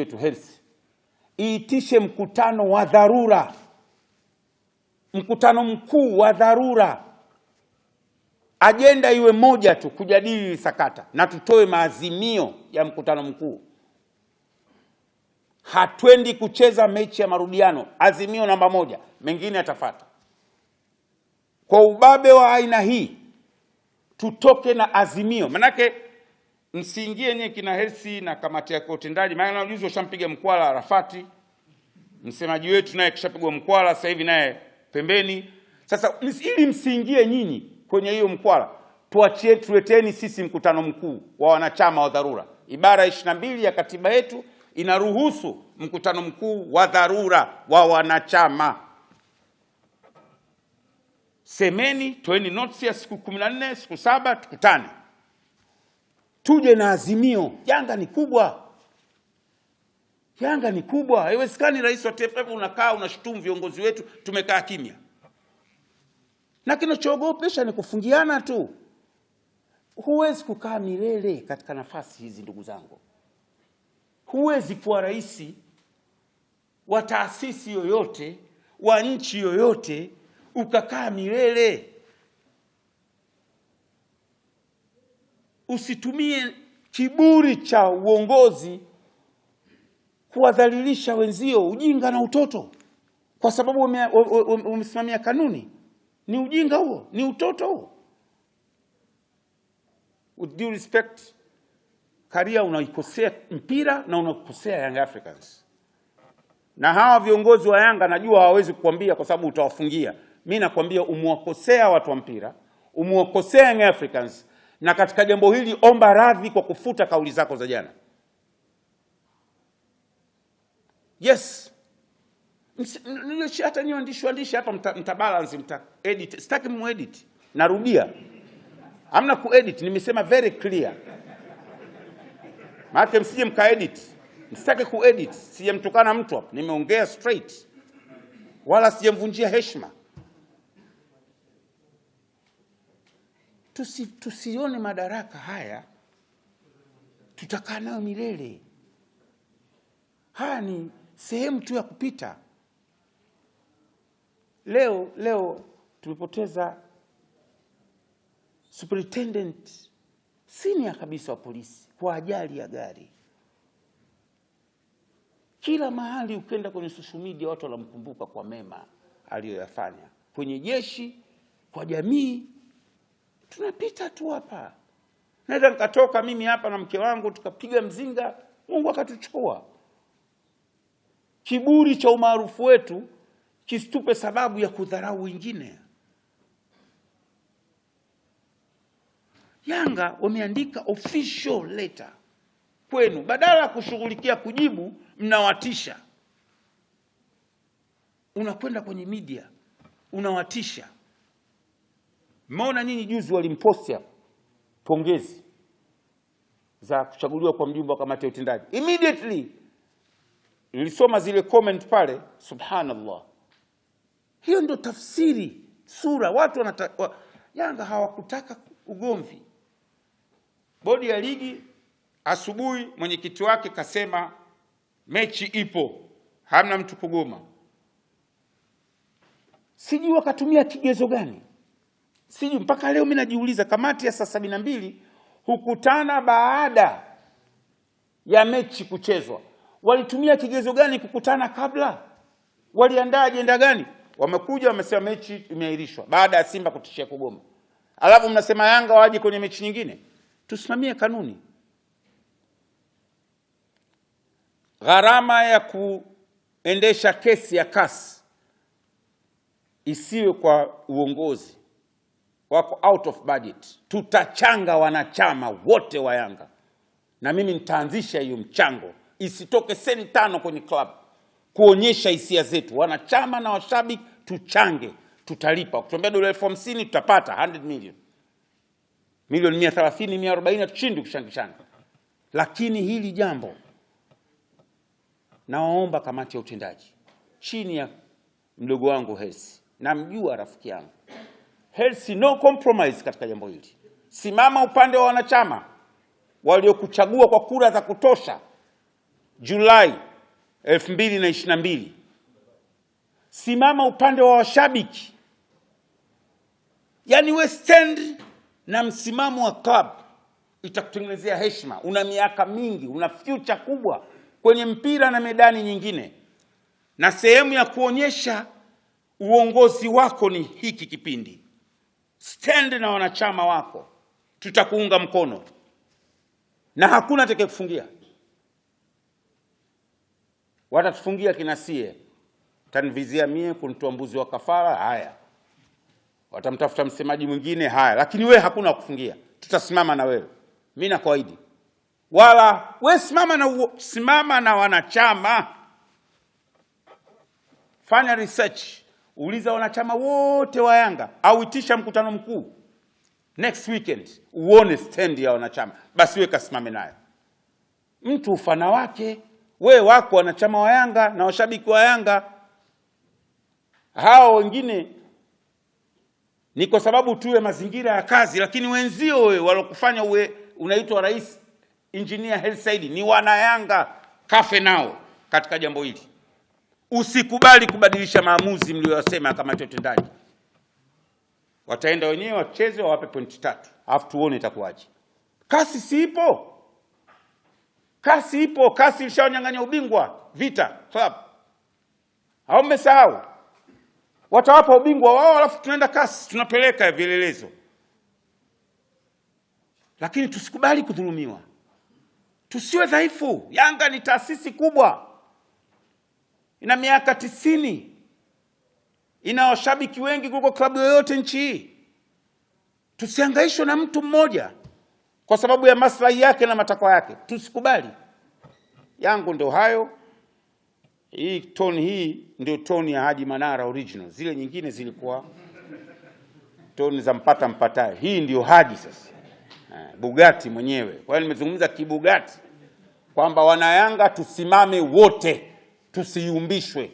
yetu health iitishe mkutano wa dharura, mkutano mkuu wa dharura, ajenda iwe moja tu, kujadili sakata na tutoe maazimio ya mkutano mkuu. Hatwendi kucheza mechi ya marudiano, azimio namba moja, mengine yatafata. Kwa ubabe wa aina hii tutoke na azimio, manake msiingie nyie kina Hersi na kamati yake utendaji, maana ujuzi washampiga mkwala Arafati, msemaji wetu naye kishapigwa mkwala, sasa hivi naye pembeni. Sasa ili msiingie nyinyi kwenye hiyo mkwala, tuachie tuleteni sisi mkutano mkuu wa wanachama wa dharura. Ibara ishirini na mbili ya katiba yetu inaruhusu mkutano mkuu wa dharura wa wanachama. Semeni toeni notisi ya siku kumi na nne siku saba tukutane tuje na azimio. Janga ni kubwa, yanga ni kubwa. Haiwezekani rais wa TFF unakaa unashutumu viongozi wetu, tumekaa kimya, na kinachoogopesha ni kufungiana tu. Huwezi kukaa milele katika nafasi hizi, ndugu zangu. Huwezi kuwa rais wa taasisi yoyote wa nchi yoyote ukakaa milele. usitumie kiburi cha uongozi kuwadhalilisha wenzio, ujinga na utoto, kwa sababu umesimamia kanuni. Ni ujinga huo, ni utoto huo. With due respect, Karia unaikosea mpira na unakosea Young Africans, na hawa viongozi wa Yanga najua hawawezi kukwambia kwa sababu utawafungia. Mi nakwambia umewakosea watu wa mpira, umewakosea Young Africans na katika jambo hili omba radhi kwa kufuta kauli zako za jana. Yes, hata niyo andishi andishi hapa mta, mta balance mta edit. Sitaki muedit, narudia, hamna kuedit, nimesema very clear, maana msije mkaedit. Sitaki kuedit, sijamtukana mtu hapa, nimeongea straight, wala sijamvunjia heshima. tusi, tusione madaraka haya tutakaa nayo milele. Haya ni sehemu tu ya kupita. Leo leo tulipoteza superintendent senior kabisa wa polisi kwa ajali ya gari. Kila mahali ukienda kwenye social media watu wanamkumbuka kwa mema aliyoyafanya kwenye jeshi, kwa jamii tunapita tu hapa. Naweza nikatoka mimi hapa na mke wangu tukapiga mzinga, Mungu akatuchoa. Kiburi cha umaarufu wetu kisitupe sababu ya kudharau wengine. Yanga wameandika official letter kwenu, badala ya kushughulikia kujibu, mnawatisha. Unakwenda kwenye media unawatisha. Mmeona nyinyi juzi walimposti hapo pongezi za kuchaguliwa kwa mjumbe wa kamati ya utendaji. Immediately nilisoma zile comment pale, subhanallah. Hiyo ndio tafsiri sura watu wanata, wa, Yanga hawakutaka ugomvi. Bodi ya ligi asubuhi, mwenyekiti wake kasema mechi ipo, hamna mtu kugoma. Sijui wakatumia kigezo gani. Sijui mpaka leo mimi najiuliza, kamati ya saa sabini na mbili hukutana baada ya mechi kuchezwa, walitumia kigezo gani kukutana kabla? Waliandaa ajenda gani? Wamekuja wamesema mechi imeahirishwa baada ya Simba kutishia kugoma, alafu mnasema Yanga waje kwenye mechi nyingine. Tusimamie kanuni. Gharama ya kuendesha kesi ya kasi isiwe kwa uongozi wako out of budget. Tutachanga wanachama wote wa Yanga na mimi nitaanzisha hiyo mchango, isitoke senti tano kwenye club, kuonyesha hisia zetu. Wanachama na washabiki tuchange, tutalipa. Ukituambia dola elfu hamsini tutapata 100 million milioni mia thelathini mia arobaini hatushindi kushangishana, lakini hili jambo nawaomba kamati ya utendaji chini ya mdogo wangu Hersi, namjua rafiki yangu healthy, no compromise katika jambo hili. Simama upande wa wanachama waliokuchagua kwa kura za kutosha Julai 2022. Simama upande wa washabiki, yaani we stand na msimamo wa club, itakutengenezea heshima. Una miaka mingi, una future kubwa kwenye mpira na medani nyingine, na sehemu ya kuonyesha uongozi wako ni hiki kipindi. Stand na wanachama wako, tutakuunga mkono na hakuna atakayekufungia. Watatufungia kinasie tanvizia mie kunitoa mbuzi wa kafara, haya. Watamtafuta msemaji mwingine, haya. Lakini we hakuna wakufungia, tutasimama na wewe. Mimi nakuahidi, wala we simama na, simama na wanachama, fanya research uliza wanachama wote wa Yanga au itisha mkutano mkuu next weekend, uone stand ya wanachama, basi wewe kasimame nayo. Mtu ufana wake we wako wanachama wa Yanga na washabiki wa Yanga, hao wengine ni kwa sababu tuwe mazingira ya kazi, lakini wenzio wewe walokufanya uwe unaitwa rais Engineer Hersi Said ni wana Yanga. Kafe nao katika jambo hili. Usikubali kubadilisha maamuzi mliyosema ya kamati ya utendaji. Wataenda wenyewe wacheze, wawape pointi tatu, alafu tuone itakuwaje. Kasi si ipo, kasi ipo, kasi ilishawanyang'anya ubingwa Vita Club, au mmesahau? Watawapa ubingwa wao, alafu tunaenda kasi, tunapeleka vielelezo. Lakini tusikubali kudhulumiwa, tusiwe dhaifu. Yanga ni taasisi kubwa ina miaka tisini, ina washabiki wengi kuliko klabu yoyote nchi hii. Tusihangaishwe na mtu mmoja kwa sababu ya maslahi yake na matakwa yake, tusikubali. Yangu ndio hayo. Hii toni hii ndio toni ya Haji Manara original, zile nyingine zilikuwa toni za mpata mpataye. Hii ndio Haji sasa, eh, bugati mwenyewe. Kwa hiyo nimezungumza kibugati kwamba wanayanga tusimame wote. Tusiyumbishwe,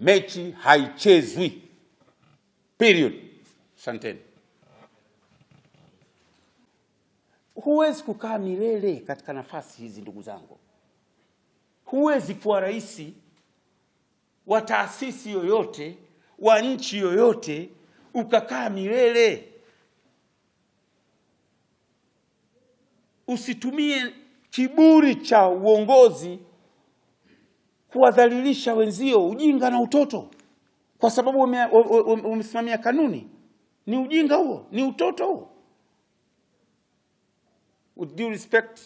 mechi haichezwi period. Asanteni. Huwezi kukaa milele katika nafasi hizi, ndugu zangu. Huwezi kuwa rais wa taasisi yoyote wa nchi yoyote ukakaa milele. Usitumie kiburi cha uongozi kuwadhalilisha wenzio, ujinga na utoto, kwa sababu umesimamia kanuni. Ni ujinga huo, ni utoto huo. With due respect,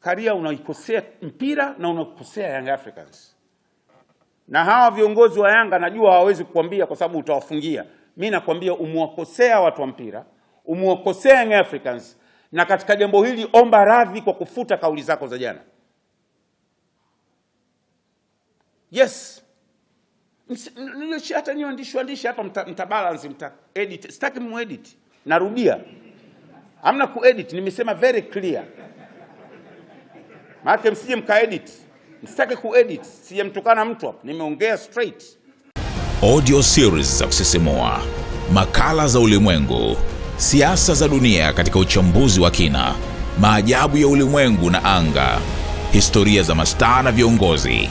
Karia unaikosea mpira na unakosea Young Africans, na hawa viongozi wa Yanga najua hawawezi kukwambia kwa sababu utawafungia. Mi nakwambia umewakosea watu wa mpira, umewakosea Young Africans, na katika jambo hili omba radhi kwa kufuta kauli zako za jana. Yes, hata niwe andishi andishi hapa, mtabalansi mta edit. Sitaki mu muedit, narudia, ku edit. Nimesema very clear, maana msije ku edit. kuedit. mtukana mtu hapa, nimeongea straight. Audio series za kusisimua, makala za ulimwengu, siasa za dunia katika uchambuzi wa kina, maajabu ya ulimwengu na anga, historia za mastaa na viongozi